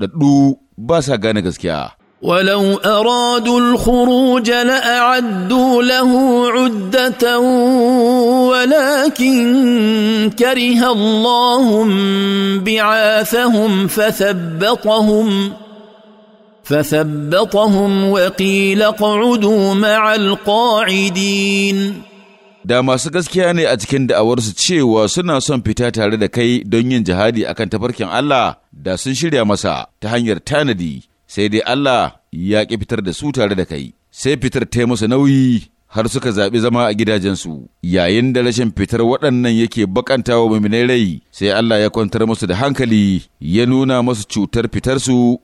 ruɗaɗɗu ba sa gane gaskiya. ولو أرادوا الخروج لأعدوا له عدة ولكن كره الله بعاثهم فثبطهم فثبطهم وقيل اقعدوا مع القاعدين da masu gaskiya ne a cikin da'awarsu cewa suna son fita tare da kai don yin jihadi akan tafarkin Allah da sun shirya masa ta hanyar tanadi sai dai Allah ya ƙi fitar da su tare da kai sai fitar ta musu nauyi har suka zaɓi zama a gidajensu yayin da rashin fitar waɗannan yake bakanta wa rai sai Allah ya kwantar musu da hankali ya nuna musu cutar fitarsu